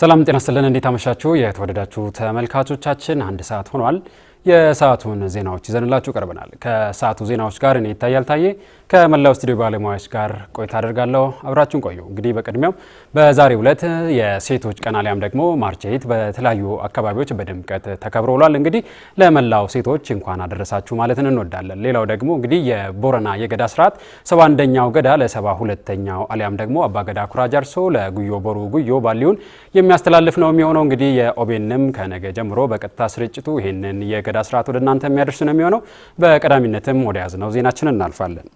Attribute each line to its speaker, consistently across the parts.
Speaker 1: ሰላም ጤና ስጥልን። እንዴት አመሻችሁ? የተወደዳችሁ ተመልካቾቻችን አንድ ሰዓት ሆኗል። የሰዓቱን ዜናዎች ይዘንላችሁ ቀርበናል። ከሰዓቱ ዜናዎች ጋር እኔ ይታያል ታዬ ከመላው ስቱዲዮ ባለሙያዎች ጋር ቆይታ አደርጋለሁ። አብራችሁን ቆዩ። እንግዲህ በቅድሚያው በዛሬው ዕለት የሴቶች ቀን አሊያም ደግሞ ማርቼት በተለያዩ አካባቢዎች በድምቀት ተከብሮ ውሏል። እንግዲህ ለመላው ሴቶች እንኳን አደረሳችሁ ማለትን እንወዳለን። ሌላው ደግሞ እንግዲህ የቦረና የገዳ ስርዓት ሰባ አንደኛው ገዳ ለሰባ ሁለተኛው አሊያም ደግሞ ገዳ ኩራጅ አርሶ ለጉዮ ቦሩ ጉዮ ባሊውን የሚያስተላልፍ ነው የሚሆነው። እንግዲህ የኦቤንም ከነገ ጀምሮ በቀጥታ ስርጭቱ ይህንን የገዳ በማለዳ ስርዓት ወደ እናንተ የሚያደርስ ነው የሚሆነው። በቀዳሚነትም ወደ ያዝነው ዜናችን እናልፋለን።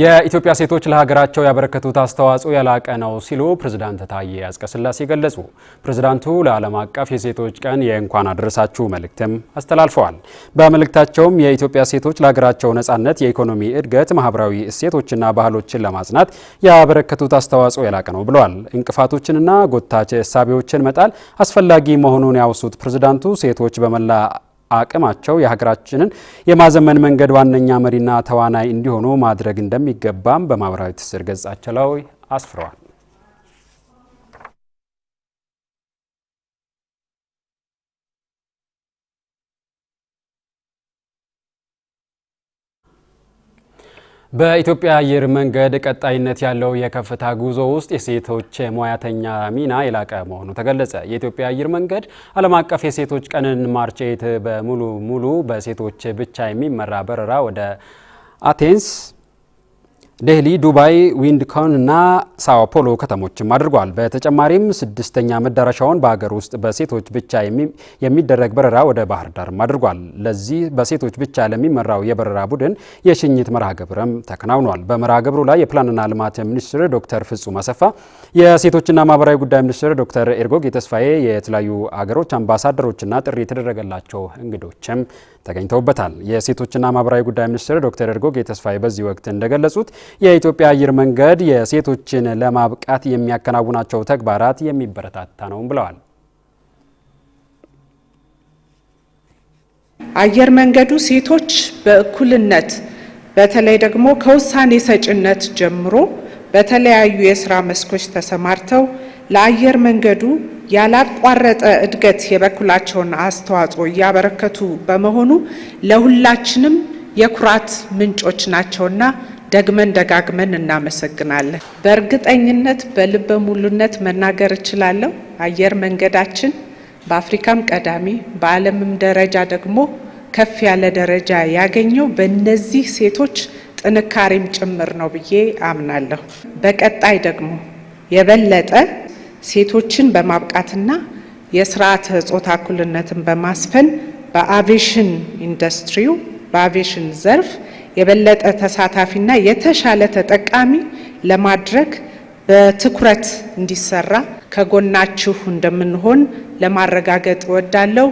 Speaker 1: የኢትዮጵያ ሴቶች ለሀገራቸው ያበረከቱት አስተዋጽኦ ያላቀ ነው ሲሉ ፕሬዝዳንት ታዬ አጽቀሥላሴ ገለጹ። ፕሬዝዳንቱ ለዓለም አቀፍ የሴቶች ቀን የእንኳን አደረሳችሁ መልእክትም አስተላልፈዋል። በመልእክታቸውም የኢትዮጵያ ሴቶች ለሀገራቸው ነጻነት፣ የኢኮኖሚ እድገት፣ ማህበራዊ እሴቶችና ባህሎችን ለማጽናት ያበረከቱት አስተዋጽኦ ያላቀ ነው ብለዋል። እንቅፋቶችንና ጎታች እሳቤዎችን መጣል አስፈላጊ መሆኑን ያወሱት ፕሬዝዳንቱ ሴቶች በመላ አቅማቸው የሀገራችንን የማዘመን መንገድ ዋነኛ መሪና ተዋናይ እንዲሆኑ ማድረግ እንደሚገባም በማህበራዊ ትስስር ገጻቸው ላይ አስፍረዋል። በኢትዮጵያ አየር መንገድ ቀጣይነት ያለው የከፍታ ጉዞ ውስጥ የሴቶች ሙያተኛ ሚና የላቀ መሆኑ ተገለጸ። የኢትዮጵያ አየር መንገድ ዓለም አቀፍ የሴቶች ቀንን ማርች በሙሉ ሙሉ በሴቶች ብቻ የሚመራ በረራ ወደ አቴንስ ዴህሊ፣ ዱባይ፣ ዊንድኮን እና ሳኦ ፖሎ ከተሞችም አድርጓል። በተጨማሪም ስድስተኛ መዳረሻውን በሀገር ውስጥ በሴቶች ብቻ የሚደረግ በረራ ወደ ባህር ዳርም አድርጓል። ለዚህ በሴቶች ብቻ ለሚመራው የበረራ ቡድን የሽኝት መርሃ ግብርም ተከናውኗል። በመርሃ ግብሩ ላይ የፕላንና ልማት ሚኒስትር ዶክተር ፍጹም አሰፋ፣ የሴቶችና ማህበራዊ ጉዳይ ሚኒስትር ዶክተር ኤርጎጌ ተስፋዬ፣ የተለያዩ አገሮች አምባሳደሮችና ጥሪ የተደረገላቸው እንግዶችም ተገኝተውበታል። የሴቶችና ማህበራዊ ጉዳይ ሚኒስትር ዶክተር ኤርጎጌ ተስፋዬ በዚህ ወቅት እንደገለጹት የኢትዮጵያ አየር መንገድ የሴቶችን ለማብቃት የሚያከናውናቸው ተግባራት የሚበረታታ ነውም ብለዋል።
Speaker 2: አየር መንገዱ ሴቶች በእኩልነት በተለይ ደግሞ ከውሳኔ ሰጭነት ጀምሮ በተለያዩ የስራ መስኮች ተሰማርተው ለአየር መንገዱ ያላቋረጠ እድገት የበኩላቸውን አስተዋጽኦ እያበረከቱ በመሆኑ ለሁላችንም የኩራት ምንጮች ናቸውና ደግመን ደጋግመን እናመሰግናለን። በእርግጠኝነት በልበ ሙሉነት መናገር እችላለሁ። አየር መንገዳችን በአፍሪካም ቀዳሚ በዓለምም ደረጃ ደግሞ ከፍ ያለ ደረጃ ያገኘው በእነዚህ ሴቶች ጥንካሬም ጭምር ነው ብዬ አምናለሁ። በቀጣይ ደግሞ የበለጠ ሴቶችን በማብቃትና የስርዓተ ጾታ እኩልነትን በማስፈን በአቪሽን ኢንዱስትሪው በአቪሽን ዘርፍ የበለጠ ተሳታፊና የተሻለ ተጠቃሚ ለማድረግ በትኩረት እንዲሰራ ከጎናችሁ እንደምንሆን ለማረጋገጥ እወዳለሁ።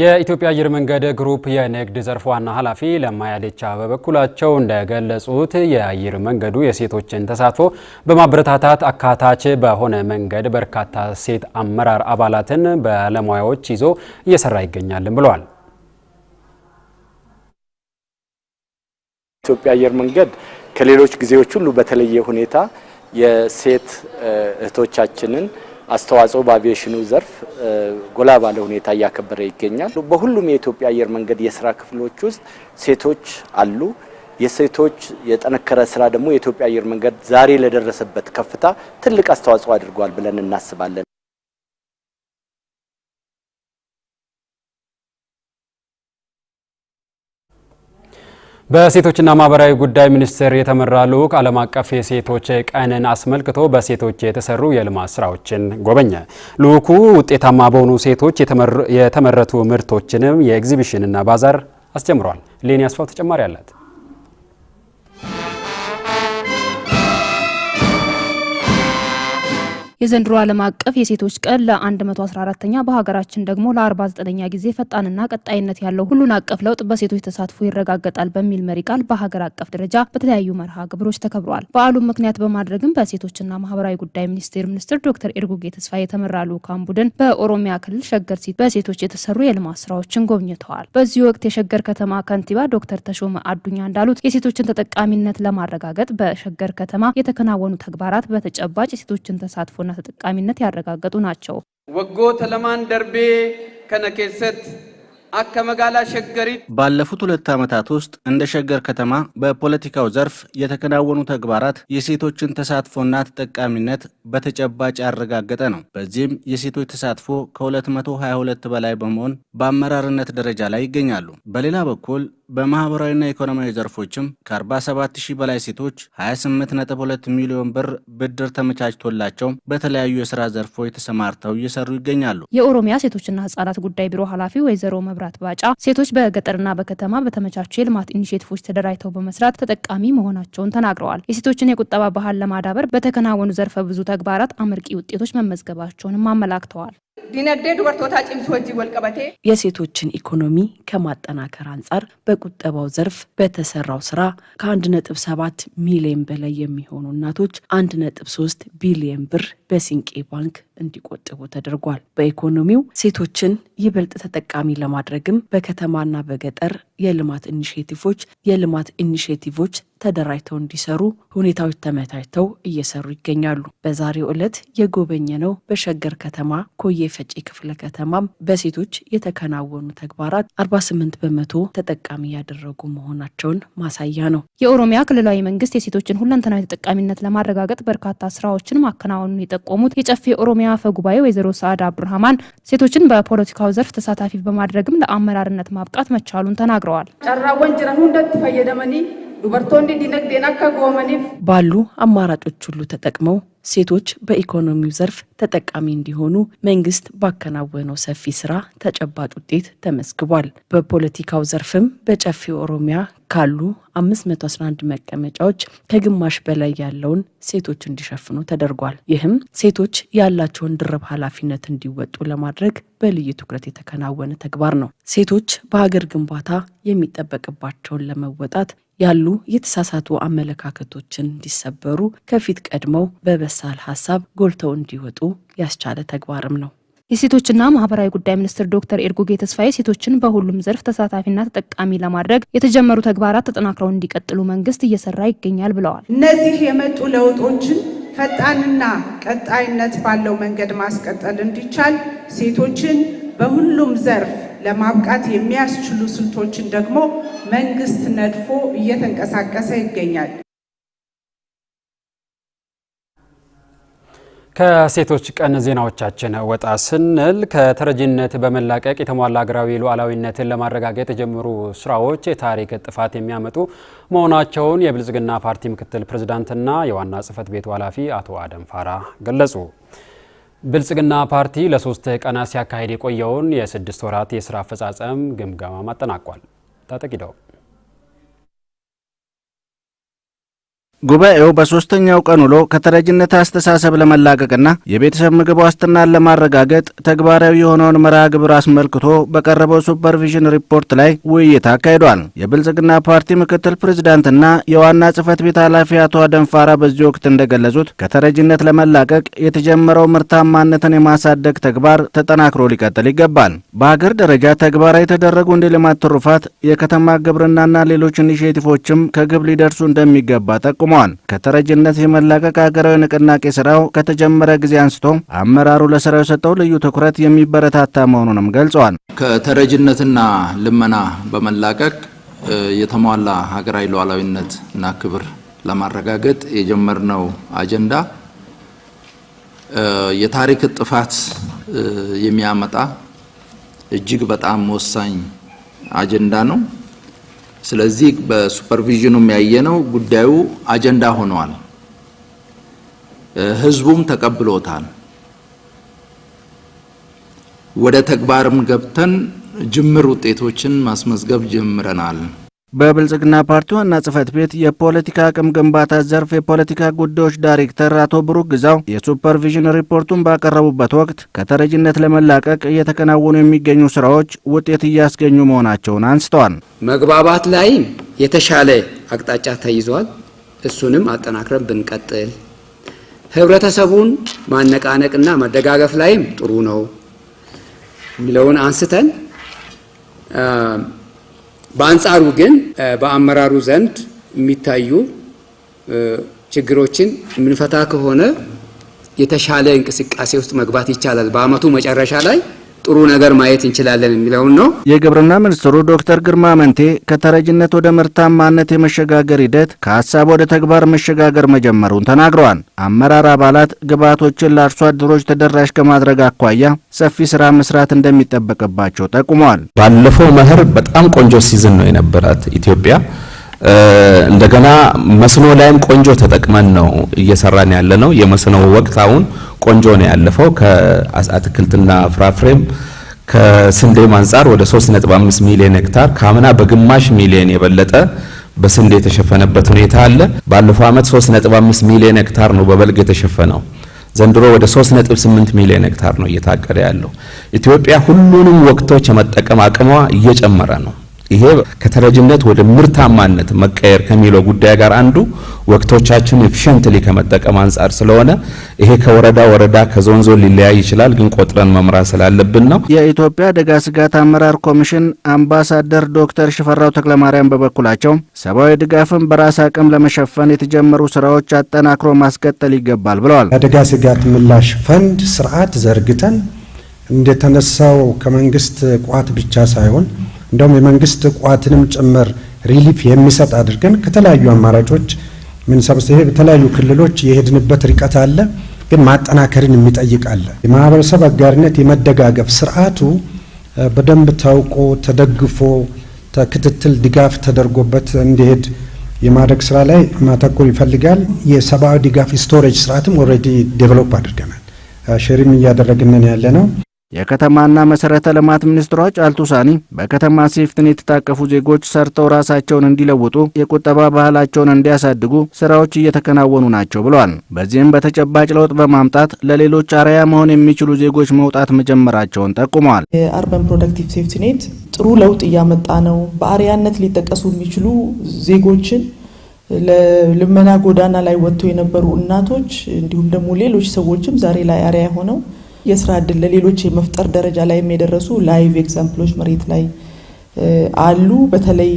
Speaker 1: የኢትዮጵያ አየር መንገድ ግሩፕ የንግድ ዘርፍ ዋና ኃላፊ ለማ በበኩላቸው እንደገለጹት የአየር መንገዱ የሴቶችን ተሳትፎ በማበረታታት አካታች በሆነ መንገድ በርካታ ሴት አመራር አባላትን ባለሙያዎች ይዞ እየሰራ ይገኛልም ብለዋል።
Speaker 3: ኢትዮጵያ አየር መንገድ ከሌሎች ጊዜዎች ሁሉ በተለየ ሁኔታ የሴት እህቶቻችንን አስተዋጽኦ በአቪዬሽኑ ዘርፍ ጎላ ባለ ሁኔታ እያከበረ ይገኛል። በሁሉም የኢትዮጵያ አየር መንገድ የስራ ክፍሎች ውስጥ ሴቶች አሉ። የሴቶች የጠነከረ ስራ ደግሞ የኢትዮጵያ አየር መንገድ ዛሬ ለደረሰበት ከፍታ ትልቅ አስተዋጽኦ አድርጓል ብለን እናስባለን።
Speaker 1: በሴቶችና ማህበራዊ ጉዳይ ሚኒስቴር የተመራ ልዑክ ዓለም አቀፍ የሴቶች ቀንን አስመልክቶ በሴቶች የተሰሩ የልማት ስራዎችን ጎበኘ። ልዑኩ ውጤታማ በሆኑ ሴቶች የተመረቱ ምርቶችንም የኤግዚቢሽንና ባዛር አስጀምሯል። ሌኒ አስፋው ተጨማሪ አላት።
Speaker 4: የዘንድሮ ዓለም አቀፍ የሴቶች ቀን ለ114ኛ በሀገራችን ደግሞ ለ49ኛ ጊዜ ፈጣንና ቀጣይነት ያለው ሁሉን አቀፍ ለውጥ በሴቶች ተሳትፎ ይረጋገጣል በሚል መሪ ቃል በሀገር አቀፍ ደረጃ በተለያዩ መርሃ ግብሮች ተከብሯል። በዓሉም ምክንያት በማድረግም በሴቶችና ማህበራዊ ጉዳይ ሚኒስቴር ሚኒስትር ዶክተር ኤርጎጌ ተስፋ የተመራ ልዑካን ቡድን በኦሮሚያ ክልል ሸገር ሲቲ በሴቶች የተሰሩ የልማት ስራዎችን ጎብኝተዋል። በዚህ ወቅት የሸገር ከተማ ከንቲባ ዶክተር ተሾመ አዱኛ እንዳሉት የሴቶችን ተጠቃሚነት ለማረጋገጥ በሸገር ከተማ የተከናወኑ ተግባራት በተጨባጭ የሴቶችን ተሳትፎና ተጠቃሚነት ያረጋገጡ ናቸው።
Speaker 5: ወጎ ተለማን ደርቤ ከነ አከመጋላ ሸገሪት
Speaker 6: ባለፉት ሁለት ዓመታት ውስጥ እንደ ሸገር ከተማ በፖለቲካው ዘርፍ የተከናወኑ ተግባራት የሴቶችን ተሳትፎና ተጠቃሚነት በተጨባጭ ያረጋገጠ ነው። በዚህም የሴቶች ተሳትፎ ከ222 በላይ በመሆን በአመራርነት ደረጃ ላይ ይገኛሉ። በሌላ በኩል በማህበራዊና ኢኮኖሚያዊ ዘርፎችም ከ47 ሺህ በላይ ሴቶች 28.2 ሚሊዮን ብር ብድር ተመቻችቶላቸው በተለያዩ የስራ ዘርፎች ተሰማርተው እየሰሩ ይገኛሉ።
Speaker 4: የኦሮሚያ ሴቶችና ህጻናት ጉዳይ ቢሮ ኃላፊ ወይዘሮ መብራ መብራት ባጫ ሴቶች በገጠርና በከተማ በተመቻቹ የልማት ኢኒሼቲቮች ተደራጅተው በመስራት ተጠቃሚ መሆናቸውን ተናግረዋል። የሴቶችን የቁጠባ ባህል ለማዳበር በተከናወኑ ዘርፈ ብዙ ተግባራት አመርቂ ውጤቶች መመዝገባቸውንም አመላክተዋል።
Speaker 7: ዲነግዴ ዱበርቶታ ጭምሱ ወጂ ወልቀበቴ
Speaker 4: የሴቶችን ኢኮኖሚ ከማጠናከር አንጻር በቁጠባው ዘርፍ በተሰራው ስራ ከ1.7 ሚሊዮን በላይ የሚሆኑ እናቶች 1.3 ቢሊዮን ብር በሲንቄ ባንክ እንዲቆጥቡ ተደርጓል። በኢኮኖሚው ሴቶችን ይበልጥ ተጠቃሚ ለማድረግም በከተማና በገጠር የልማት ኢኒሽቲቮች የልማት ኢኒሽቲቮች ተደራጅተው እንዲሰሩ ሁኔታዎች ተመታይተው እየሰሩ ይገኛሉ። በዛሬው ዕለት ነው በሸገር ከተማ ኮዬ ፈጪ ክፍለ ከተማም በሴቶች የተከናወኑ ተግባራት 48 በመቶ ተጠቃሚ ያደረጉ መሆናቸውን ማሳያ ነው። የኦሮሚያ ክልላዊ መንግስት የሴቶችን ሁለንተናዊ ተጠቃሚነት ለማረጋገጥ በርካታ ስራዎችን ማከናወኑን የጠቆሙት የጨፌ ኦሮሚያ አፈ ጉባኤ ወይዘሮ ሰዓዳ አብዱርሃማን ሴቶችን በፖለቲካው ዘርፍ ተሳታፊ በማድረግም ለአመራርነት ማብቃት መቻሉን ተናግረዋል።
Speaker 8: ዱበርቶኒ ዲነግዴን አካ ጎመኒፍ
Speaker 4: ባሉ አማራጮች ሁሉ ተጠቅመው ሴቶች በኢኮኖሚው ዘርፍ ተጠቃሚ እንዲሆኑ መንግስት ባከናወነው ሰፊ ስራ ተጨባጭ ውጤት ተመዝግቧል። በፖለቲካው ዘርፍም በጨፌ ኦሮሚያ ካሉ 511 መቀመጫዎች ከግማሽ በላይ ያለውን ሴቶች እንዲሸፍኑ ተደርጓል። ይህም ሴቶች ያላቸውን ድርብ ኃላፊነት እንዲወጡ ለማድረግ በልዩ ትኩረት የተከናወነ ተግባር ነው። ሴቶች በሀገር ግንባታ የሚጠበቅባቸውን ለመወጣት ያሉ የተሳሳቱ አመለካከቶችን እንዲሰበሩ ከፊት ቀድመው በበሳል ሀሳብ ጎልተው እንዲወጡ ያስቻለ ተግባርም ነው። የሴቶችና ማህበራዊ ጉዳይ ሚኒስትር ዶክተር ኤርጎጌ ተስፋዬ ሴቶችን በሁሉም ዘርፍ ተሳታፊና ተጠቃሚ ለማድረግ የተጀመሩ ተግባራት ተጠናክረው እንዲቀጥሉ መንግስት እየሰራ ይገኛል ብለዋል።
Speaker 2: እነዚህ የመጡ ለውጦችን ፈጣንና ቀጣይነት ባለው መንገድ ማስቀጠል እንዲቻል ሴቶችን በሁሉም ዘርፍ ለማብቃት የሚያስችሉ ስልቶችን ደግሞ መንግስት ነድፎ እየተንቀሳቀሰ ይገኛል።
Speaker 1: ከሴቶች ቀን ዜናዎቻችን ወጣ ስንል ከተረጂነት በመላቀቅ የተሟላ ሀገራዊ ሉዓላዊነትን ለማረጋገጥ የጀመሩ ስራዎች የታሪክ ጥፋት የሚያመጡ መሆናቸውን የብልጽግና ፓርቲ ምክትል ፕሬዝዳንትና የዋና ጽህፈት ቤቱ ኃላፊ አቶ አደም ፋራ ገለጹ። ብልጽግና ፓርቲ ለሶስት ቀናት ሲያካሄድ የቆየውን የስድስት ወራት የስራ አፈጻጸም ግምገማ አጠናቋል። ታጠቂደው
Speaker 9: ጉባኤው በሶስተኛው ቀን ውሎ ከተረጅነት አስተሳሰብ ለመላቀቅና የቤተሰብ ምግብ ዋስትናን ለማረጋገጥ ተግባራዊ የሆነውን መርሃ ግብር አስመልክቶ በቀረበው ሱፐርቪዥን ሪፖርት ላይ ውይይት አካሂዷል። የብልጽግና ፓርቲ ምክትል ፕሬዚዳንትና የዋና ጽህፈት ቤት ኃላፊ አቶ አደንፋራ በዚህ ወቅት እንደገለጹት ከተረጅነት ለመላቀቅ የተጀመረው ምርታማነትን የማሳደግ ተግባር ተጠናክሮ ሊቀጥል ይገባል። በሀገር ደረጃ ተግባራዊ የተደረጉ እንደ ልማት ትሩፋት፣ የከተማ ግብርናና ሌሎች ኢኒሽቲቮችም ከግብ ሊደርሱ እንደሚገባ ጠቁሟል። ተቃውመዋል። ከተረጅነት የመላቀቅ ሀገራዊ ንቅናቄ ስራው ከተጀመረ ጊዜ አንስቶ አመራሩ ለስራው የሰጠው ልዩ ትኩረት የሚበረታታ መሆኑንም ገልጸዋል።
Speaker 10: ከተረጅነትና ልመና በመላቀቅ የተሟላ ሀገራዊ ሉዓላዊነት እና ክብር ለማረጋገጥ የጀመርነው አጀንዳ የታሪክ ጥፋት የሚያመጣ እጅግ በጣም ወሳኝ አጀንዳ ነው። ስለዚህ በሱፐርቪዥኑ የሚያየነው ጉዳዩ አጀንዳ ሆኗል። ህዝቡም ተቀብሎታል። ወደ ተግባርም ገብተን ጅምር ውጤቶችን ማስመዝገብ ጀምረናል።
Speaker 9: በብልጽግና ፓርቲ ዋና ጽህፈት ቤት የፖለቲካ አቅም ግንባታ ዘርፍ የፖለቲካ ጉዳዮች ዳይሬክተር አቶ ብሩክ ግዛው የሱፐርቪዥን ሪፖርቱን ባቀረቡበት ወቅት ከተረጅነት ለመላቀቅ እየተከናወኑ የሚገኙ ስራዎች ውጤት እያስገኙ መሆናቸውን አንስተዋል።
Speaker 11: መግባባት ላይም የተሻለ አቅጣጫ ተይዟል። እሱንም አጠናክረን ብንቀጥል፣ ህብረተሰቡን ማነቃነቅና መደጋገፍ ላይም ጥሩ ነው የሚለውን አንስተን በአንጻሩ ግን በአመራሩ ዘንድ የሚታዩ ችግሮችን የምንፈታ ከሆነ የተሻለ እንቅስቃሴ ውስጥ መግባት ይቻላል። በአመቱ መጨረሻ ላይ ጥሩ ነገር ማየት እንችላለን የሚለውን ነው።
Speaker 9: የግብርና ሚኒስትሩ ዶክተር ግርማ አመንቴ ከተረጅነት ወደ ምርታማነት የመሸጋገር ሂደት ከሀሳብ ወደ ተግባር መሸጋገር መጀመሩን ተናግረዋል። አመራር አባላት ግብዓቶችን ለአርሶ አደሮች ተደራሽ ከማድረግ አኳያ ሰፊ ስራ መስራት እንደሚጠበቅባቸው ጠቁመዋል።
Speaker 12: ባለፈው መኸር በጣም ቆንጆ ሲዝን ነው የነበራት ኢትዮጵያ። እንደገና መስኖ ላይም ቆንጆ ተጠቅመን ነው እየሰራን ያለ ነው። የመስኖ ወቅት አሁን ቆንጆ ነው ያለፈው። ከአትክልትና ፍራፍሬም ከስንዴም አንጻር ወደ 3.5 ሚሊዮን ሄክታር ከአምና በግማሽ ሚሊዮን የበለጠ በስንዴ የተሸፈነበት ሁኔታ አለ። ባለፈው ዓመት 3.5 ሚሊዮን ሄክታር ነው በበልግ የተሸፈነው። ዘንድሮ ወደ 3.8 ሚሊዮን ሄክታር ነው እየታቀደ ያለው። ኢትዮጵያ ሁሉንም ወቅቶች የመጠቀም አቅሟ እየጨመረ ነው። ይሄ ከተረጅነት ወደ ምርታማነት መቀየር ከሚለው ጉዳይ ጋር አንዱ ወቅቶቻችን ኤፊሽንትሊ ከመጠቀም አንጻር ስለሆነ ይሄ ከወረዳ ወረዳ ከዞን ዞን ሊለያይ ይችላል፣ ግን ቆጥረን መምራት ስላለብን ነው።
Speaker 9: የኢትዮጵያ አደጋ ስጋት አመራር ኮሚሽን አምባሳደር ዶክተር ሽፈራው ተክለማርያም በበኩላቸው ሰብአዊ ድጋፍን በራስ አቅም ለመሸፈን የተጀመሩ ስራዎች አጠናክሮ ማስቀጠል ይገባል ብለዋል።
Speaker 13: አደጋ ስጋት ምላሽ ፈንድ ስርዓት ዘርግተን እንደተነሳው ከመንግስት ቋት ብቻ ሳይሆን እንደውም የመንግስት ቋትንም ጭምር ሪሊፍ የሚሰጥ አድርገን ከተለያዩ አማራጮች ምን በተለያዩ ክልሎች የሄድንበት ርቀት አለ። ግን ማጠናከርን የሚጠይቅ አለ። የማህበረሰብ አጋርነት የመደጋገፍ ስርዓቱ በደንብ ታውቆ ተደግፎ ክትትል ድጋፍ ተደርጎበት እንዲሄድ የማድረግ ስራ ላይ ማተኮር ይፈልጋል። የሰብአዊ ድጋፍ ስቶሬጅ ስርዓትም ኦልሬዲ ዴቨሎፕ አድርገናል። ሼሪም እያደረግንን ያለ ነው።
Speaker 9: የከተማና መሰረተ ልማት ሚኒስትሯ ጫልቱ ሳኒ በከተማ ሴፍትኔት የታቀፉ ዜጎች ሰርተው ራሳቸውን እንዲለውጡ የቁጠባ ባህላቸውን እንዲያሳድጉ ስራዎች እየተከናወኑ ናቸው ብለዋል። በዚህም በተጨባጭ ለውጥ በማምጣት ለሌሎች አርያ መሆን የሚችሉ ዜጎች መውጣት መጀመራቸውን ጠቁመዋል።
Speaker 14: የአርበን ፕሮደክቲቭ ሴፍትኔት ጥሩ ለውጥ እያመጣ ነው። በአርያነት ሊጠቀሱ የሚችሉ ዜጎችን ለልመና ጎዳና ላይ ወጥተው የነበሩ እናቶች እንዲሁም ደግሞ ሌሎች ሰዎችም ዛሬ ላይ አርያ ሆነው የስራ እድል ለሌሎች የመፍጠር ደረጃ ላይ የደረሱ ላይቭ ኤግዛምፕሎች መሬት ላይ አሉ። በተለይ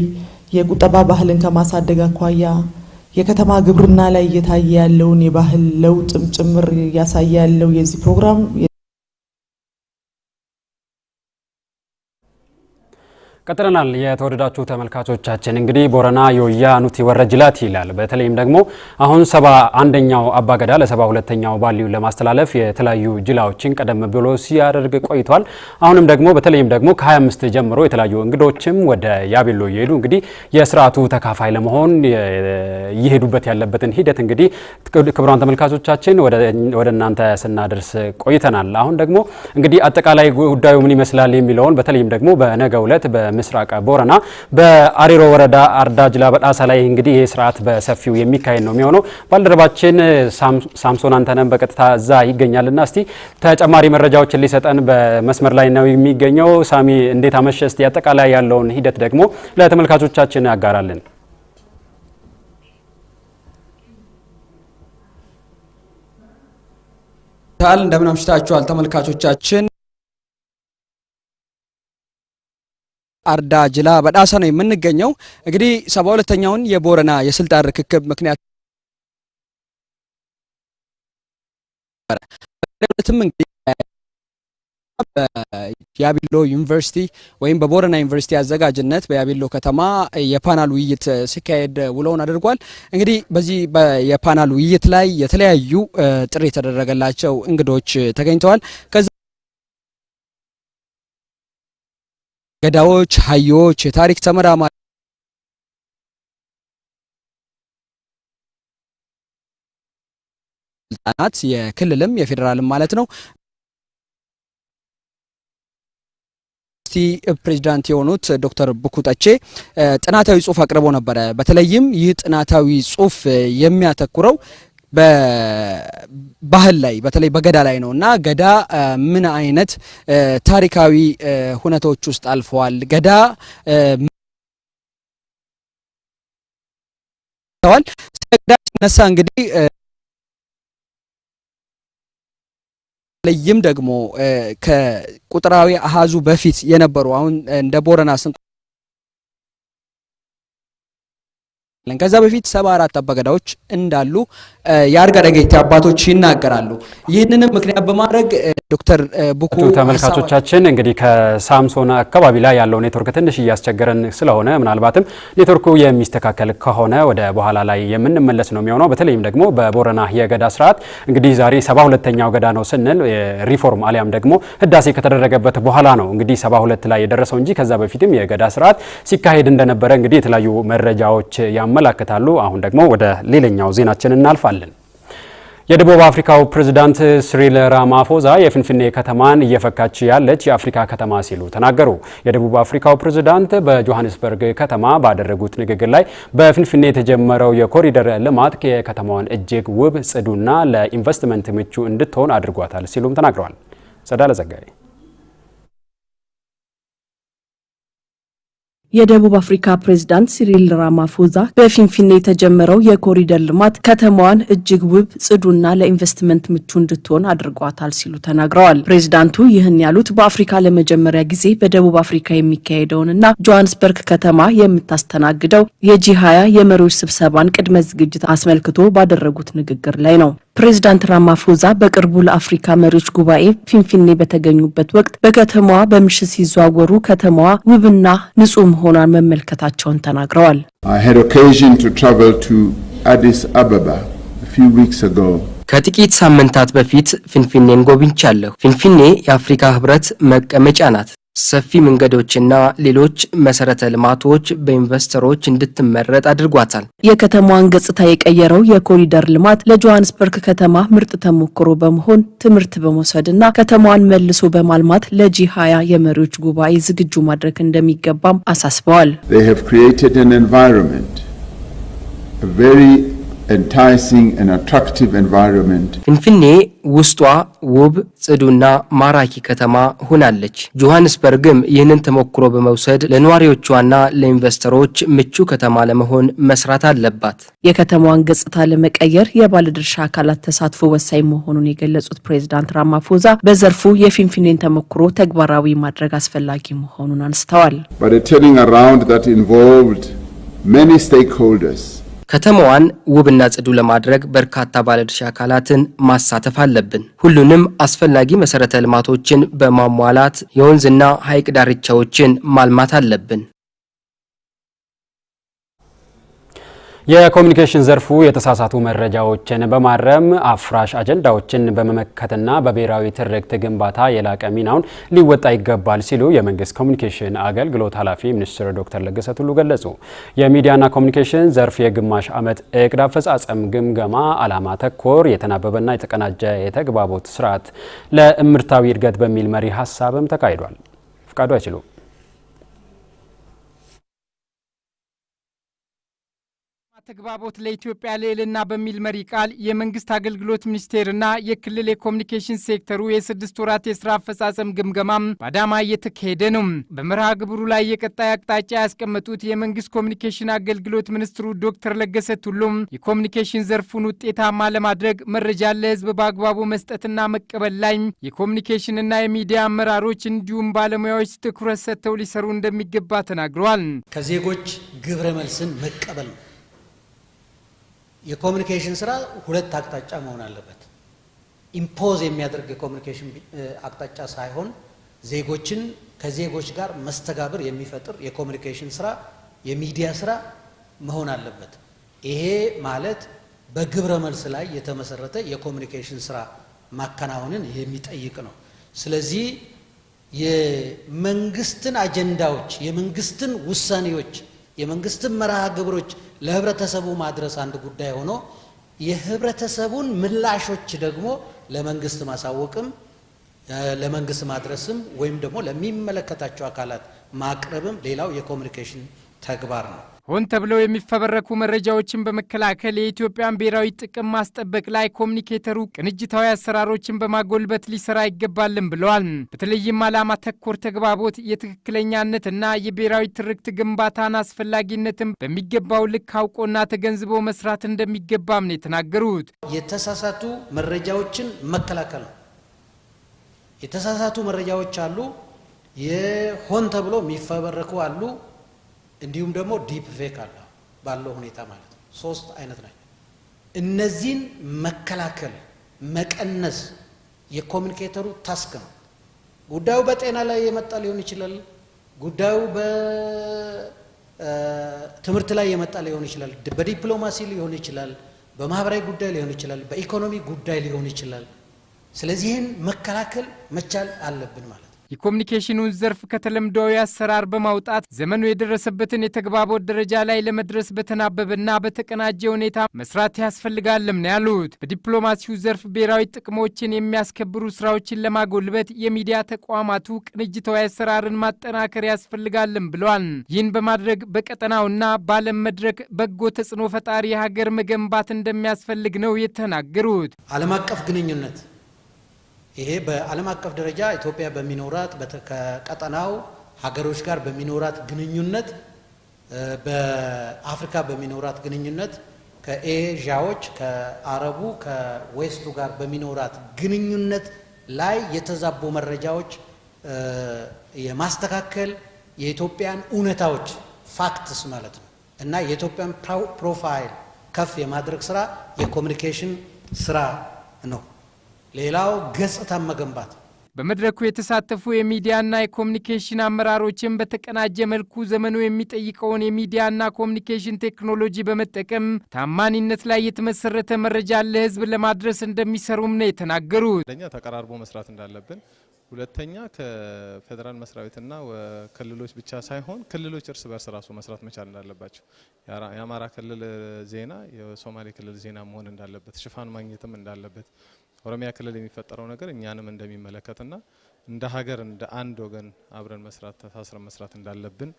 Speaker 14: የቁጠባ ባህልን ከማሳደግ አኳያ የከተማ ግብርና ላይ እየታየ ያለውን የባህል ለውጥም ጭምር እያሳየ ያለው የዚህ ፕሮግራም
Speaker 1: ቀጥለናል። የተወደዳችሁ ተመልካቾቻችን እንግዲህ ቦረና ዮያ ኑቲ ወረ ጅላት ይላል። በተለይም ደግሞ አሁን ሰባ አንደኛው አባገዳ ለሰባ ሁለተኛው ባልዩ ለማስተላለፍ የተለያዩ ጅላዎችን ቀደም ብሎ ሲያደርግ ቆይቷል። አሁንም ደግሞ በተለይም ደግሞ ከ25 ጀምሮ የተለያዩ እንግዶችም ወደ ያቤሎ እየሄዱ እንግዲህ የስርዓቱ ተካፋይ ለመሆን እየሄዱበት ያለበትን ሂደት እንግዲህ ክቡራን ተመልካቾቻችን ወደ እናንተ ስናደርስ ቆይተናል። አሁን ደግሞ እንግዲህ አጠቃላይ ጉዳዩ ምን ይመስላል የሚለውን በተለይም ደግሞ በነገው ዕለት በምስራቅ ቦረና በአሪሮ ወረዳ አርዳጅ ላበጣሳ ላይ እንግዲህ ይህ ስርዓት በሰፊው የሚካሄድ ነው የሚሆነው። ባልደረባችን ሳምሶን አንተነን በቀጥታ እዛ ይገኛልና እስቲ ተጨማሪ መረጃዎችን ሊሰጠን በመስመር ላይ ነው የሚገኘው። ሳሚ እንዴት አመሸ? እስቲ አጠቃላይ ያለውን ሂደት ደግሞ ለተመልካቾቻችን ያጋራልን። ታል እንደምን አምሽታችኋል ተመልካቾቻችን። አርዳ ጅላ በዳሳ ነው የምንገኘው። እንግዲህ ሰባ ሁለተኛውን የቦረና የስልጣን ርክክብ ምክንያት በያቢሎ ዩኒቨርሲቲ ወይም በቦረና ዩኒቨርሲቲ አዘጋጅነት በያቢሎ ከተማ የፓናል ውይይት ሲካሄድ ውለውን አድርጓል። እንግዲህ በዚህ የፓናል ውይይት ላይ የተለያዩ ጥሪ የተደረገላቸው እንግዶች ተገኝተዋል። ገዳዎች፣ ሀዮች፣ የታሪክ ተመራማ ስልጣናት የክልልም የፌዴራልም ማለት ነው ፕሬዚዳንት የሆኑት ዶክተር ቡኩጠቼ ጥናታዊ ጽሁፍ አቅርቦ ነበረ። በተለይም ይህ ጥናታዊ ጽሁፍ የሚያተኩረው በባህል ላይ በተለይ በገዳ ላይ ነው እና ገዳ ምን አይነት ታሪካዊ ሁነቶች ውስጥ አልፈዋል? ገዳ ተዋል ስለገዳ ሲነሳ እንግዲህ ለይም ደግሞ ከቁጥራዊ አሃዙ በፊት የነበሩ አሁን እንደ ቦረና ከዛ በፊት ሰባ አራት አባገዳዎች እንዳሉ የአርጋ ደጌቴ አባቶች ይናገራሉ። ይህንንም ምክንያት በማድረግ ዶክተር ቡኩ ተመልካቾቻችን እንግዲህ ከሳምሶን አካባቢ ላይ ያለው ኔትወርክ ትንሽ እያስቸገረን ስለሆነ ምናልባትም ኔትወርኩ የሚስተካከል ከሆነ ወደ በኋላ ላይ የምንመለስ ነው የሚሆነው። በተለይም ደግሞ በቦረና የገዳ ስርዓት እንግዲህ ዛሬ ሰባ ሁለተኛው ገዳ ነው ስንል ሪፎርም አሊያም ደግሞ ህዳሴ ከተደረገበት በኋላ ነው እንግዲህ ሰባ ሁለት ላይ የደረሰው እንጂ ከዛ በፊትም የገዳ ስርዓት ሲካሄድ እንደነበረ እንግዲህ የተለያዩ መረጃዎች ያመላክታሉ። አሁን ደግሞ ወደ ሌላኛው ዜናችን እናልፋለን። የደቡብ አፍሪካው ፕሬዝዳንት ሲሪል ራማፎዛ የፍንፍኔ ከተማን እየፈካች ያለች የአፍሪካ ከተማ ሲሉ ተናገሩ። የደቡብ አፍሪካው ፕሬዝዳንት በጆሃንስበርግ ከተማ ባደረጉት ንግግር ላይ በፍንፍኔ የተጀመረው የኮሪደር ልማት የከተማዋን እጅግ ውብ፣ ጽዱና ለኢንቨስትመንት ምቹ እንድትሆን አድርጓታል ሲሉም ተናግረዋል። ጸዳለ ዘጋቢ የደቡብ አፍሪካ ፕሬዝዳንት ሲሪል ራማፎዛ በፊንፊኔ የተጀመረው የኮሪደር ልማት ከተማዋን እጅግ ውብ፣ ጽዱና ለኢንቨስትመንት ምቹ እንድትሆን አድርጓታል ሲሉ ተናግረዋል። ፕሬዝዳንቱ ይህን ያሉት በአፍሪካ ለመጀመሪያ ጊዜ በደቡብ አፍሪካ የሚካሄደውንና ጆሃንስበርግ ከተማ የምታስተናግደው የጂ ሀያ የመሪዎች ስብሰባን ቅድመ ዝግጅት አስመልክቶ ባደረጉት ንግግር ላይ ነው። ፕሬዚዳንት ራማፎዛ በቅርቡ ለአፍሪካ መሪዎች ጉባኤ ፊንፊኔ በተገኙበት ወቅት በከተማዋ በምሽት ሲዘዋወሩ ከተማዋ ውብና ንጹህ መሆኗን መመልከታቸውን ተናግረዋል። ከጥቂት ሳምንታት በፊት ፊንፊኔን ጎብኝቻለሁ። ፊንፊኔ የአፍሪካ ህብረት መቀመጫ ናት። ሰፊ መንገዶችና ሌሎች መሰረተ ልማቶች በኢንቨስተሮች እንድትመረጥ አድርጓታል። የከተማዋን ገጽታ የቀየረው የኮሪደር ልማት ለጆሃንስበርግ ከተማ ምርጥ ተሞክሮ በመሆን ትምህርት በመውሰድና ከተማዋን መልሶ በማልማት ለጂ ሀያ የመሪዎች ጉባኤ ዝግጁ ማድረግ እንደሚገባም አሳስበዋል። ፊንፊኔ ውስጧ ውብ ጽዱና ማራኪ ከተማ ሆናለች። ጆሐንስበርግም ይህንን ተሞክሮ በመውሰድ ለነዋሪዎቿና ለኢንቨስተሮች ምቹ ከተማ ለመሆን መስራት አለባት። የከተማዋን ገጽታ ለመቀየር የባለድርሻ አካላት ተሳትፎ ወሳኝ መሆኑን የገለጹት ፕሬዚዳንት ራማፎዛ በዘርፉ የፊንፊኔን ተሞክሮ ተግባራዊ ማድረግ አስፈላጊ መሆኑን አንስተዋል። ከተማዋን ውብና ጽዱ ለማድረግ በርካታ ባለድርሻ አካላትን ማሳተፍ አለብን። ሁሉንም አስፈላጊ መሰረተ ልማቶችን በማሟላት የወንዝና ሐይቅ ዳርቻዎችን ማልማት አለብን። የኮሚኒኬሽን ዘርፉ የተሳሳቱ መረጃዎችን በማረም አፍራሽ አጀንዳዎችን በመመከትና በብሔራዊ ትርክት ግንባታ የላቀ ሚናውን ሊወጣ ይገባል ሲሉ የመንግስት ኮሚኒኬሽን አገልግሎት ኃላፊ ሚኒስትር ዶክተር ለገሰ ቱሉ ገለጹ። የሚዲያና ኮሚኒኬሽን ዘርፍ የግማሽ ዓመት እቅድ አፈጻጸም ግምገማ ዓላማ ተኮር የተናበበና የተቀናጀ የተግባቦት ስርዓት ለእምርታዊ እድገት በሚል መሪ ሀሳብም ተካሂዷል። ፍቃዱ አይችሉም ተግባቦት ለኢትዮጵያ ልዕልና በሚል መሪ ቃል የመንግስት አገልግሎት ሚኒስቴርና የክልል የኮሚኒኬሽን ሴክተሩ የስድስት ወራት የስራ አፈጻጸም ግምገማም በአዳማ እየተካሄደ ነው። በመርሃ ግብሩ ላይ የቀጣይ አቅጣጫ ያስቀመጡት የመንግስት ኮሚኒኬሽን አገልግሎት ሚኒስትሩ ዶክተር ለገሰ ቱሉም የኮሚኒኬሽን ዘርፉን ውጤታማ ለማድረግ መረጃ ለህዝብ በአግባቡ መስጠትና መቀበል ላይ የኮሚኒኬሽንና የሚዲያ አመራሮች እንዲሁም ባለሙያዎች ትኩረት ሰጥተው ሊሰሩ እንደሚገባ ተናግረዋል።
Speaker 15: ከዜጎች ግብረ መልስን መቀበል ነው የኮሚኒኬሽን ስራ ሁለት አቅጣጫ መሆን አለበት። ኢምፖዝ የሚያደርግ የኮሚኒኬሽን አቅጣጫ ሳይሆን ዜጎችን ከዜጎች ጋር መስተጋብር የሚፈጥር የኮሚኒኬሽን ስራ የሚዲያ ስራ መሆን አለበት። ይሄ ማለት በግብረ መልስ ላይ የተመሰረተ የኮሚኒኬሽን ስራ ማከናወንን የሚጠይቅ ነው። ስለዚህ የመንግስትን አጀንዳዎች የመንግስትን ውሳኔዎች የመንግስትን መርሃ ግብሮች ለህብረተሰቡ ማድረስ አንድ ጉዳይ ሆኖ የህብረተሰቡን ምላሾች ደግሞ ለመንግስት ማሳወቅም ለመንግስት ማድረስም ወይም ደግሞ ለሚመለከታቸው አካላት ማቅረብም ሌላው የኮሚኒኬሽን ተግባር ነው።
Speaker 1: ሆን ተብለው የሚፈበረኩ መረጃዎችን በመከላከል የኢትዮጵያን ብሔራዊ ጥቅም ማስጠበቅ ላይ ኮሚኒኬተሩ ቅንጅታዊ አሰራሮችን በማጎልበት ሊሰራ ይገባልን ብለዋል። በተለይም ዓላማ ተኮር ተግባቦት፣ የትክክለኛነት እና የብሔራዊ ትርክት ግንባታን አስፈላጊነትን በሚገባው ልክ አውቆና ተገንዝቦ መስራት እንደሚገባም ነው የተናገሩት።
Speaker 15: የተሳሳቱ መረጃዎችን መከላከል ነው። የተሳሳቱ መረጃዎች አሉ። የሆን ተብሎ የሚፈበረኩ አሉ እንዲሁም ደግሞ ዲፕ ፌክ አለ ባለው ሁኔታ ማለት ነው። ሶስት አይነት ናቸው። እነዚህን መከላከል መቀነስ የኮሚኒኬተሩ ታስክ ነው። ጉዳዩ በጤና ላይ የመጣ ሊሆን ይችላል። ጉዳዩ በትምህርት ላይ የመጣ ሊሆን ይችላል። በዲፕሎማሲ ሊሆን ይችላል። በማህበራዊ ጉዳይ ሊሆን ይችላል። በኢኮኖሚ ጉዳይ ሊሆን ይችላል። ስለዚህ ይህን መከላከል መቻል አለብን ማለት ነው።
Speaker 1: የኮሚኒኬሽኑን ዘርፍ ከተለምዶዊ አሰራር በማውጣት ዘመኑ የደረሰበትን የተግባቦት ደረጃ ላይ ለመድረስ በተናበበና በተቀናጀ ሁኔታ መስራት ያስፈልጋልም ነው ያሉት። በዲፕሎማሲው ዘርፍ ብሔራዊ ጥቅሞችን የሚያስከብሩ ስራዎችን ለማጎልበት የሚዲያ ተቋማቱ ቅንጅታዊ አሰራርን ማጠናከር ያስፈልጋልም ብሏል። ይህን በማድረግ በቀጠናውና በዓለም መድረክ በጎ ተጽዕኖ ፈጣሪ የሀገር መገንባት እንደሚያስፈልግ ነው የተናገሩት።
Speaker 15: ዓለም አቀፍ ግንኙነት ይሄ በዓለም አቀፍ ደረጃ ኢትዮጵያ በሚኖራት ከቀጠናው ሀገሮች ጋር በሚኖራት ግንኙነት በአፍሪካ በሚኖራት ግንኙነት ከኤዥያዎች ከአረቡ ከዌስቱ ጋር በሚኖራት ግንኙነት ላይ የተዛቡ መረጃዎች የማስተካከል የኢትዮጵያን እውነታዎች ፋክትስ ማለት ነው እና የኢትዮጵያን ፕሮፋይል ከፍ የማድረግ ስራ የኮሚኒኬሽን ስራ ነው። ሌላው ገጽታ መገንባት
Speaker 1: በመድረኩ የተሳተፉ የሚዲያና የኮሚኒኬሽን አመራሮችን በተቀናጀ መልኩ ዘመኑ የሚጠይቀውን የሚዲያና ኮሚኒኬሽን ቴክኖሎጂ በመጠቀም ታማኒነት ላይ የተመሰረተ መረጃ ለሕዝብ ለማድረስ እንደሚሰሩም ነው የተናገሩት። አንደኛ
Speaker 16: ተቀራርቦ መስራት እንዳለብን፣ ሁለተኛ ከፌዴራል መስሪያ ቤትና ክልሎች ብቻ ሳይሆን ክልሎች እርስ በርስ ራሱ መስራት መቻል እንዳለባቸው፣ የአማራ ክልል ዜና የሶማሌ ክልል ዜና መሆን እንዳለበት፣ ሽፋን ማግኘትም እንዳለበት ኦሮሚያ ክልል የሚፈጠረው ነገር እኛንም እንደሚመለከትና እንደ ሀገር እንደ አንድ ወገን አብረን መስራት ተሳስረን መስራት እንዳለብን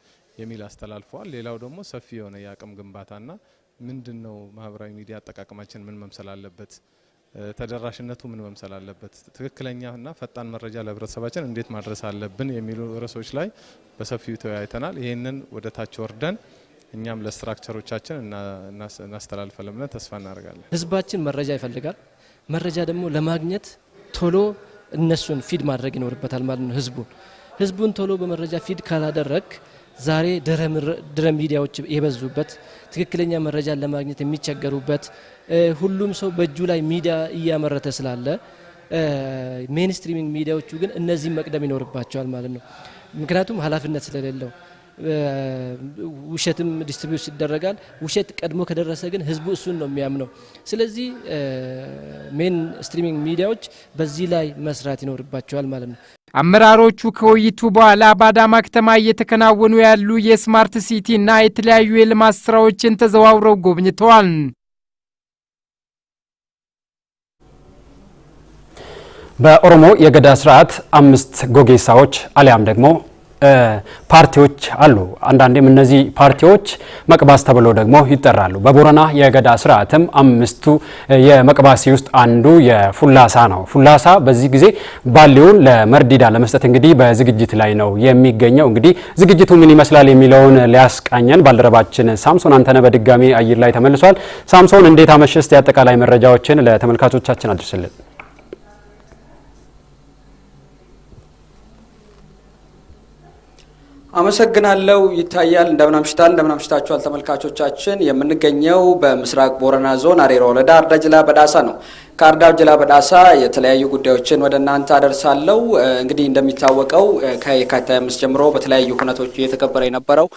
Speaker 16: የሚል አስተላልፈዋል። ሌላው ደግሞ ሰፊ የሆነ የአቅም ግንባታና ምንድን ነው ማህበራዊ ሚዲያ አጠቃቀማችን ምን መምሰል አለበት፣ ተደራሽነቱ ምን መምሰል አለበት፣ ትክክለኛና ፈጣን መረጃ ለህብረተሰባችን እንዴት ማድረስ አለብን የሚሉ ርዕሶች ላይ በሰፊው ተወያይተናል። ይህንን ወደ ታች ወርደን እኛም ለስትራክቸሮቻችን እናስተላልፋለን ብለን ተስፋ እናደርጋለን።
Speaker 17: ህዝባችን መረጃ ይፈልጋል። መረጃ ደግሞ ለማግኘት ቶሎ እነሱን ፊድ ማድረግ ይኖርበታል ማለት ነው። ህዝቡን ህዝቡን ቶሎ በመረጃ ፊድ ካላደረግ ዛሬ ድረ ሚዲያዎች የበዙበት ትክክለኛ መረጃን ለማግኘት የሚቸገሩበት ሁሉም ሰው በእጁ ላይ ሚዲያ እያመረተ ስላለ ሜንስትሪሚንግ ሚዲያዎቹ ግን እነዚህ መቅደም ይኖርባቸዋል ማለት ነው። ምክንያቱም ኃላፊነት ስለሌለው ውሸትም ዲስትሪቢዩት ይደረጋል። ውሸት ቀድሞ ከደረሰ ግን ህዝቡ እሱን ነው የሚያምነው። ስለዚህ ሜን ስትሪሚንግ ሚዲያዎች በዚህ ላይ መስራት ይኖርባቸዋል ማለት ነው።
Speaker 1: አመራሮቹ ከውይይቱ በኋላ በአዳማ ከተማ እየተከናወኑ ያሉ የስማርት ሲቲ እና የተለያዩ የልማት ስራዎችን ተዘዋውረው ጎብኝተዋል። በኦሮሞ የገዳ ስርዓት አምስት ጎጌሳዎች አሊያም ደግሞ ፓርቲዎች አሉ። አንዳንዴም እነዚህ ፓርቲዎች መቅባስ ተብሎ ደግሞ ይጠራሉ። በቦረና የገዳ ስርዓትም አምስቱ የመቅባሲ ውስጥ አንዱ የፉላሳ ነው። ፉላሳ በዚህ ጊዜ ባሌውን ለመርዲዳ ለመስጠት እንግዲህ በዝግጅት ላይ ነው የሚገኘው። እንግዲህ ዝግጅቱ ምን ይመስላል የሚለውን ሊያስቃኘን ባልደረባችን ሳምሶን አንተነህ በድጋሚ አየር ላይ ተመልሷል። ሳምሶን እንዴት አመሸስት? የአጠቃላይ መረጃዎችን ለተመልካቾቻችን አድርስልን።
Speaker 18: አመሰግናለሁ ይታያል። እንደምን አምሽታል፣ እንደምን አምሽታችኋል ተመልካቾቻችን። የምንገኘው በምስራቅ ቦረና ዞን አሬሮ ወረዳ አርዳጅላ በዳሳ ነው። ካርዳው ጅላ በዳሳ የተለያዩ ጉዳዮችን ወደ እናንተ አደርሳለሁ። እንግዲህ እንደሚታወቀው ከየካቲት 25 ጀምሮ በተለያዩ ሁነቶች እየተከበረ የነበረው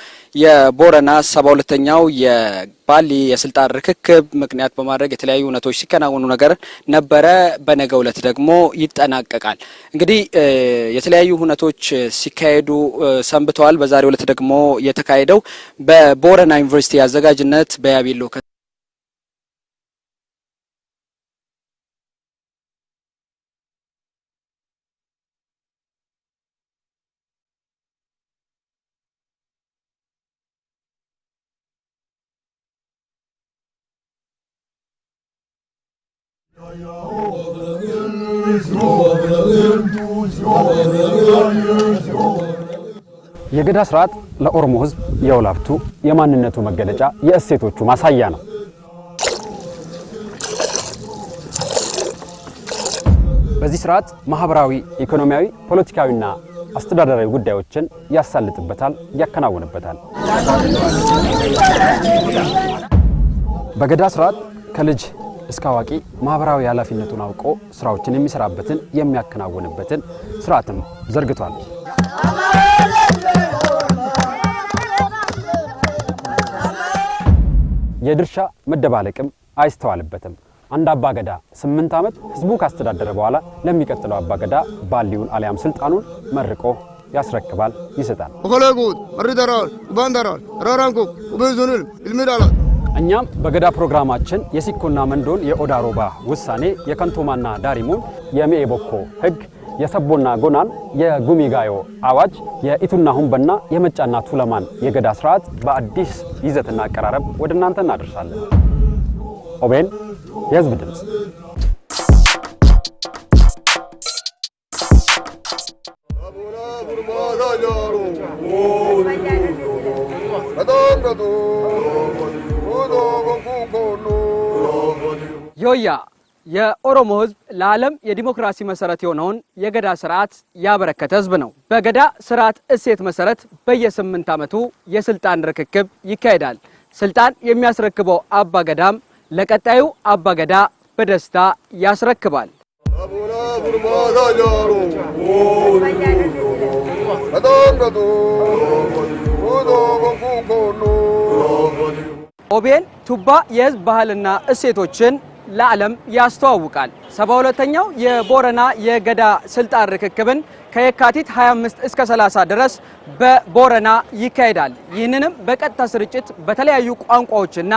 Speaker 18: የቦረና ሰባ ሁለተኛው የባሊ የስልጣን ርክክብ ምክንያት በማድረግ የተለያዩ ሁነቶች ሲከናወኑ ነገር ነበረ። በነገ ዕለት ደግሞ ይጠናቀቃል። እንግዲህ የተለያዩ ሁነቶች ሲካሄዱ ሰንብተዋል። በዛሬ ዕለት ደግሞ የተካሄደው በቦረና ዩኒቨርሲቲ አዘጋጅነት በያቢሎ
Speaker 1: የገዳ ስርዓት ለኦሮሞ ህዝብ የወላብቱ የማንነቱ መገለጫ፣ የእሴቶቹ ማሳያ ነው። በዚህ ስርዓት ማህበራዊ፣ ኢኮኖሚያዊ፣ ፖለቲካዊና አስተዳደራዊ ጉዳዮችን ያሳልጥበታል፣ ያከናውንበታል። በገዳ ስርዓት ከልጅ እስከ አዋቂ ማህበራዊ ኃላፊነቱን አውቆ ስራዎችን የሚሰራበትን የሚያከናውንበትን ስርዓትም ዘርግቷል። የድርሻ መደባለቅም አይስተዋልበትም። አንድ አባገዳ ስምንት ዓመት ህዝቡ ካስተዳደረ በኋላ ለሚቀጥለው አባገዳ ባሊውን አሊያም ስልጣኑን መርቆ ያስረክባል፣ ይሰጣል።
Speaker 19: ኮሌጉት መሪደራል ባንደራል ራራንኩ ብዙንል
Speaker 1: እኛም በገዳ ፕሮግራማችን የሲኮና መንዶን የኦዳ ውሳኔ፣ የከንቶማና ዳሪሙን የሜኤቦኮ ህግ የሰቦና ጎናን የጉሚጋዮ አዋጅ፣ የኢቱና ሁምበና የመጫና ቱለማን የገዳ ስርዓት በአዲስ ይዘትና አቀራረብ ወደ እናንተ እናደርሳለን። ኦቤን የህዝብ ድምፅ ዮያ የኦሮሞ ህዝብ ለዓለም የዲሞክራሲ መሰረት የሆነውን የገዳ ስርዓት ያበረከተ ህዝብ ነው። በገዳ ስርዓት እሴት መሰረት በየስምንት ዓመቱ የስልጣን ርክክብ ይካሄዳል። ስልጣን የሚያስረክበው አባ ገዳም ለቀጣዩ አባ ገዳ በደስታ ያስረክባል። ኦቤን ቱባ የህዝብ ባህልና እሴቶችን ለዓለም ያስተዋውቃል። ሰባ ሁለተኛው የቦረና የገዳ ስልጣን ርክክብን ከየካቲት 25 እስከ 30 ድረስ በቦረና ይካሄዳል። ይህንንም በቀጥታ ስርጭት በተለያዩ ቋንቋዎችና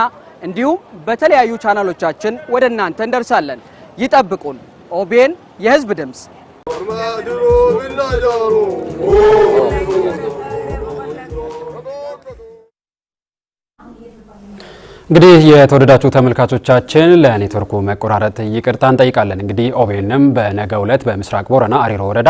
Speaker 1: እንዲሁም በተለያዩ ቻናሎቻችን ወደ እናንተ እንደርሳለን። ይጠብቁን። ኦቤን የህዝብ ድምፅ እንግዲህ የተወደዳችሁ ተመልካቾቻችን ለኔትወርኩ መቆራረጥ ይቅርታ እንጠይቃለን። እንግዲህ ኦቤንም በነገ ዕለት በምስራቅ ቦረና አሪሮ ወረዳ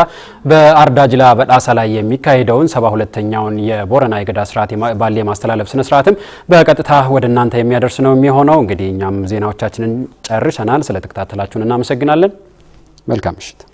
Speaker 1: በአርዳጅላ በጣሳ ላይ የሚካሄደውን ሰባ ሁለተኛውን የቦረና የገዳ ስርዓት ባሌ የማስተላለፍ ስነ ስርዓትም በቀጥታ ወደ እናንተ የሚያደርስ ነው የሚሆነው። እንግዲህ እኛም ዜናዎቻችንን ጨርሰናል። ስለተከታተላችሁን እናመሰግናለን። መልካም ምሽት።